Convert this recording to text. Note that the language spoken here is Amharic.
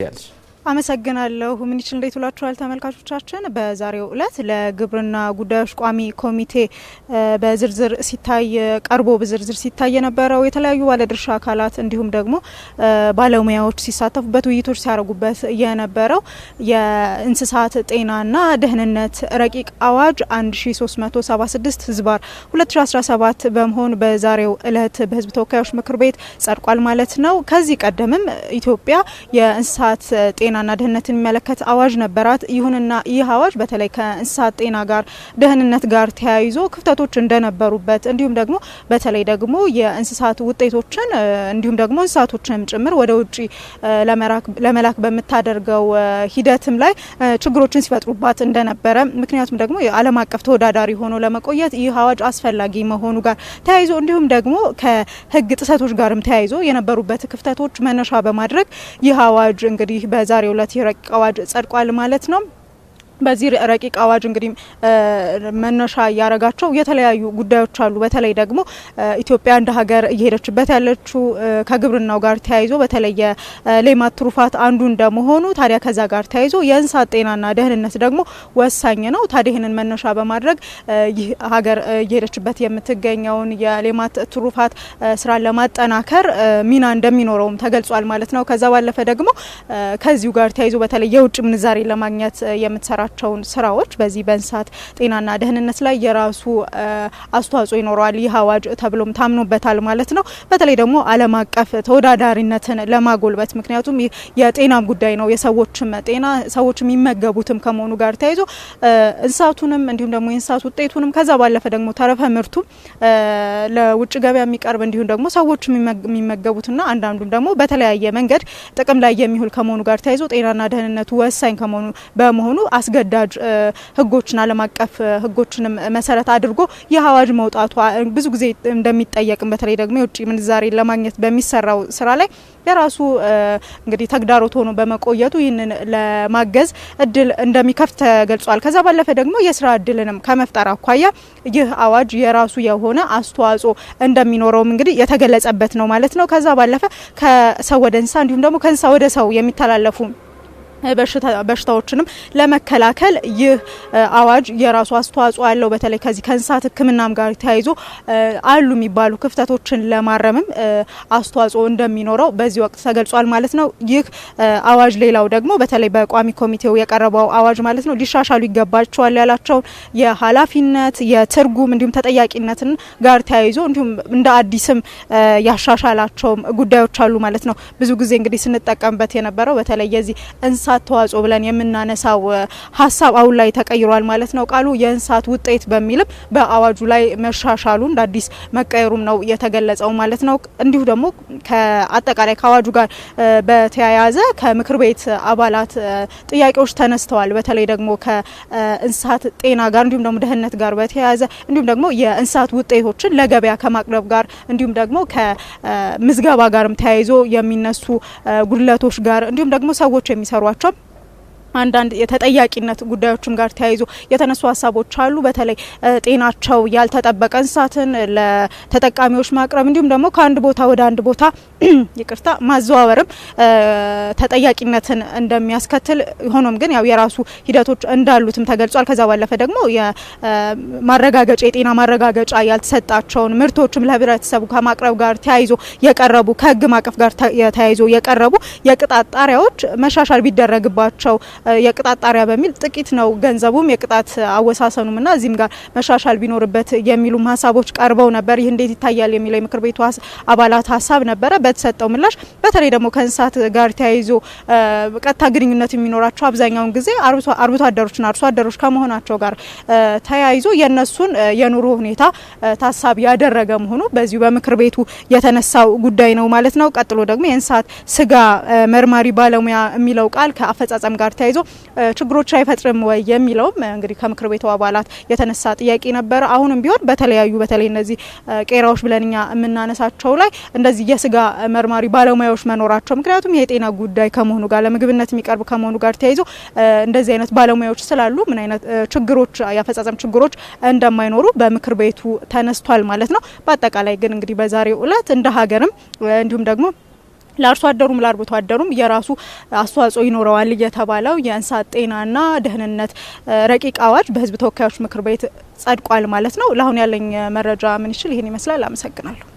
else. አመሰግናለሁ። ምን ይችል እንዴት ውላችኋል ተመልካቾቻችን። በዛሬው እለት ለግብርና ጉዳዮች ቋሚ ኮሚቴ በዝርዝር ሲታይ ቀርቦ በዝርዝር ሲታይ የነበረው የተለያዩ ባለድርሻ አካላት እንዲሁም ደግሞ ባለሙያዎች ሲሳተፉበት ውይይቶች ሲያደርጉበት የነበረው የእንስሳት ጤናና ደህንነት ረቂቅ አዋጅ 1376 ህዝባር 2017 በመሆን በዛሬው እለት በህዝብ ተወካዮች ምክር ቤት ጸድቋል ማለት ነው። ከዚህ ቀደምም ኢትዮጵያ የእንስሳት ጤና ጤናና ደህንነትን የሚመለከት አዋጅ ነበራት። ይሁንና ይህ አዋጅ በተለይ ከእንስሳት ጤና ጋር፣ ደህንነት ጋር ተያይዞ ክፍተቶች እንደነበሩበት እንዲሁም ደግሞ በተለይ ደግሞ የእንስሳት ውጤቶችን እንዲሁም ደግሞ እንስሳቶችንም ጭምር ወደ ውጭ ለመላክ በምታደርገው ሂደትም ላይ ችግሮችን ሲፈጥሩባት እንደነበረ ምክንያቱም ደግሞ የዓለም አቀፍ ተወዳዳሪ ሆኖ ለመቆየት ይህ አዋጅ አስፈላጊ መሆኑ ጋር ተያይዞ እንዲሁም ደግሞ ከህግ ጥሰቶች ጋርም ተያይዞ የነበሩበት ክፍተቶች መነሻ በማድረግ ይህ አዋጅ እንግዲህ በዛሬ በዛሬው ዕለት የረቂቅ አዋጅ ጸድቋል ማለት ነው። በዚህ ረቂቅ አዋጅ እንግዲህ መነሻ ያረጋቸው የተለያዩ ጉዳዮች አሉ። በተለይ ደግሞ ኢትዮጵያ እንደ ሀገር እየሄደችበት ያለችው ከግብርናው ጋር ተያይዞ በተለይ የሌማት ትሩፋት አንዱ እንደመሆኑ ታዲያ ከዛ ጋር ተያይዞ የእንስሳት ጤናና ደህንነት ደግሞ ወሳኝ ነው። ታዲያ ይህንን መነሻ በማድረግ ይህ ሀገር እየሄደችበት የምትገኘውን የሌማት ትሩፋት ስራን ለማጠናከር ሚና እንደሚኖረውም ተገልጿል ማለት ነው። ከዛ ባለፈ ደግሞ ከዚሁ ጋር ተያይዞ በተለይ የውጭ ምንዛሬ ለማግኘት የምትሰራ የሚሰራቸውን ስራዎች በዚህ በእንስሳት ጤናና ደህንነት ላይ የራሱ አስተዋጽኦ ይኖረዋል ይህ አዋጅ ተብሎም ታምኖበታል ማለት ነው። በተለይ ደግሞ ዓለም አቀፍ ተወዳዳሪነትን ለማጎልበት ምክንያቱም የጤናም ጉዳይ ነው። የሰዎችም ጤና ሰዎች የሚመገቡትም ከመሆኑ ጋር ተያይዞ እንስሳቱንም እንዲሁም ደግሞ የእንስሳት ውጤቱንም ከዛ ባለፈ ደግሞ ተረፈ ምርቱ ለውጭ ገበያ የሚቀርብ እንዲሁም ደግሞ ሰዎች የሚመገቡትና አንዳንዱም ደግሞ በተለያየ መንገድ ጥቅም ላይ የሚውል ከመሆኑ ጋር ተያይዞ ጤናና ደህንነቱ ወሳኝ ከመሆኑ በመሆኑ አስገ አስገዳጅ ህጎችን ዓለም አቀፍ ህጎችንም መሰረት አድርጎ ይህ አዋጅ መውጣቷ ብዙ ጊዜ እንደሚጠየቅም በተለይ ደግሞ የውጭ ምንዛሬ ለማግኘት በሚሰራው ስራ ላይ የራሱ እንግዲህ ተግዳሮት ሆኖ በመቆየቱ ይህንን ለማገዝ እድል እንደሚከፍት ተገልጿል። ከዛ ባለፈ ደግሞ የስራ እድልንም ከመፍጠር አኳያ ይህ አዋጅ የራሱ የሆነ አስተዋጽኦ እንደሚኖረውም እንግዲህ የተገለጸበት ነው ማለት ነው። ከዛ ባለፈ ከሰው ወደ እንስሳ እንዲሁም ደግሞ ከእንስሳ ወደ ሰው የሚተላለፉ በሽታዎችንም ለመከላከል ይህ አዋጅ የራሱ አስተዋጽኦ አለው። በተለይ ከዚህ ከእንስሳት ሕክምናም ጋር ተያይዞ አሉ የሚባሉ ክፍተቶችን ለማረምም አስተዋጽኦ እንደሚኖረው በዚህ ወቅት ተገልጿል ማለት ነው። ይህ አዋጅ ሌላው ደግሞ በተለይ በቋሚ ኮሚቴው የቀረበው አዋጅ ማለት ነው ሊሻሻሉ ይገባቸዋል ያላቸውን የኃላፊነት የትርጉም እንዲሁም ተጠያቂነትን ጋር ተያይዞ እንዲሁም እንደ አዲስም ያሻሻላቸውም ጉዳዮች አሉ ማለት ነው። ብዙ ጊዜ እንግዲህ ስንጠቀምበት የነበረው በተለይ የዚህ የእንስሳት ተዋጽኦ ብለን የምናነሳው ሀሳብ አሁን ላይ ተቀይሯል ማለት ነው። ቃሉ የእንስሳት ውጤት በሚልም በአዋጁ ላይ መሻሻሉ እንደ አዲስ መቀየሩም ነው የተገለጸው ማለት ነው። እንዲሁ ደግሞ ከአጠቃላይ ከአዋጁ ጋር በተያያዘ ከምክር ቤት አባላት ጥያቄዎች ተነስተዋል። በተለይ ደግሞ ከእንስሳት ጤና ጋር እንዲሁም ደግሞ ደህንነት ጋር በተያያዘ እንዲሁም ደግሞ የእንስሳት ውጤቶችን ለገበያ ከማቅረብ ጋር እንዲሁም ደግሞ ከምዝገባ ጋርም ተያይዞ የሚነሱ ጉድለቶች ጋር እንዲሁም ደግሞ ሰዎች የሚሰሯቸው አልተሰጣቸውም። አንዳንድ የተጠያቂነት ጉዳዮችም ጋር ተያይዞ የተነሱ ሀሳቦች አሉ። በተለይ ጤናቸው ያልተጠበቀ እንስሳትን ለተጠቃሚዎች ማቅረብ እንዲሁም ደግሞ ከአንድ ቦታ ወደ አንድ ቦታ ይቅርታ ማዘዋወርም ተጠያቂነትን እንደሚያስከትል ሆኖም ግን ያው የራሱ ሂደቶች እንዳሉትም ተገልጿል። ከዛ ባለፈ ደግሞ የማረጋገጫ የጤና ማረጋገጫ ያልተሰጣቸውን ምርቶችም ለህብረተሰቡ ከማቅረብ ጋር ተያይዞ የቀረቡ ከህግ ማቀፍ ጋር ተያይዞ የቀረቡ የቅጣት ጣሪያዎች መሻሻል ቢደረግባቸው የቅጣት ጣሪያ በሚል ጥቂት ነው ገንዘቡም የቅጣት አወሳሰኑም እና እዚህም ጋር መሻሻል ቢኖርበት የሚሉም ሀሳቦች ቀርበው ነበር። ይህ እንዴት ይታያል የሚለው የምክር ቤቱ አባላት ሀሳብ ነበረ። በተሰጠው ምላሽ በተለይ ደግሞ ከእንስሳት ጋር ተያይዞ ቀጥታ ግንኙነት የሚኖራቸው አብዛኛውን ጊዜ አርብቶ አደሮችና አርሶ አደሮች ከመሆናቸው ጋር ተያይዞ የእነሱን የኑሮ ሁኔታ ታሳቢ ያደረገ መሆኑ በዚሁ በምክር ቤቱ የተነሳው ጉዳይ ነው ማለት ነው። ቀጥሎ ደግሞ የእንስሳት ስጋ መርማሪ ባለሙያ የሚለው ቃል ከአፈጻጸም ጋር ተያይዞ ችግሮች አይፈጥርም ወይ የሚለውም እንግዲህ ከምክር ቤቱ አባላት የተነሳ ጥያቄ ነበረ። አሁንም ቢሆን በተለያዩ በተለይ እነዚህ ቄራዎች ብለን እኛ የምናነሳቸው ላይ እንደዚህ የስጋ መርማሪ ባለሙያዎች መኖራቸው ምክንያቱም የጤና ጉዳይ ከመሆኑ ጋር ለምግብነት የሚቀርብ ከመሆኑ ጋር ተያይዞ እንደዚህ አይነት ባለሙያዎች ስላሉ ምን አይነት ችግሮች የአፈጻጸም ችግሮች እንደማይኖሩ በምክር ቤቱ ተነስቷል ማለት ነው። በአጠቃላይ ግን እንግዲህ በዛሬው እለት እንደ ሀገርም እንዲሁም ደግሞ ለአርሶ አደሩም ለአርብቶ አደሩም የራሱ አስተዋጽኦ ይኖረዋል እየተባለው የእንስሳት ጤናና ደህንነት ረቂቅ አዋጅ በህዝብ ተወካዮች ምክር ቤት ጸድቋል ማለት ነው። ለአሁን ያለኝ መረጃ ምን ይችል ይህን ይመስላል። አመሰግናለሁ።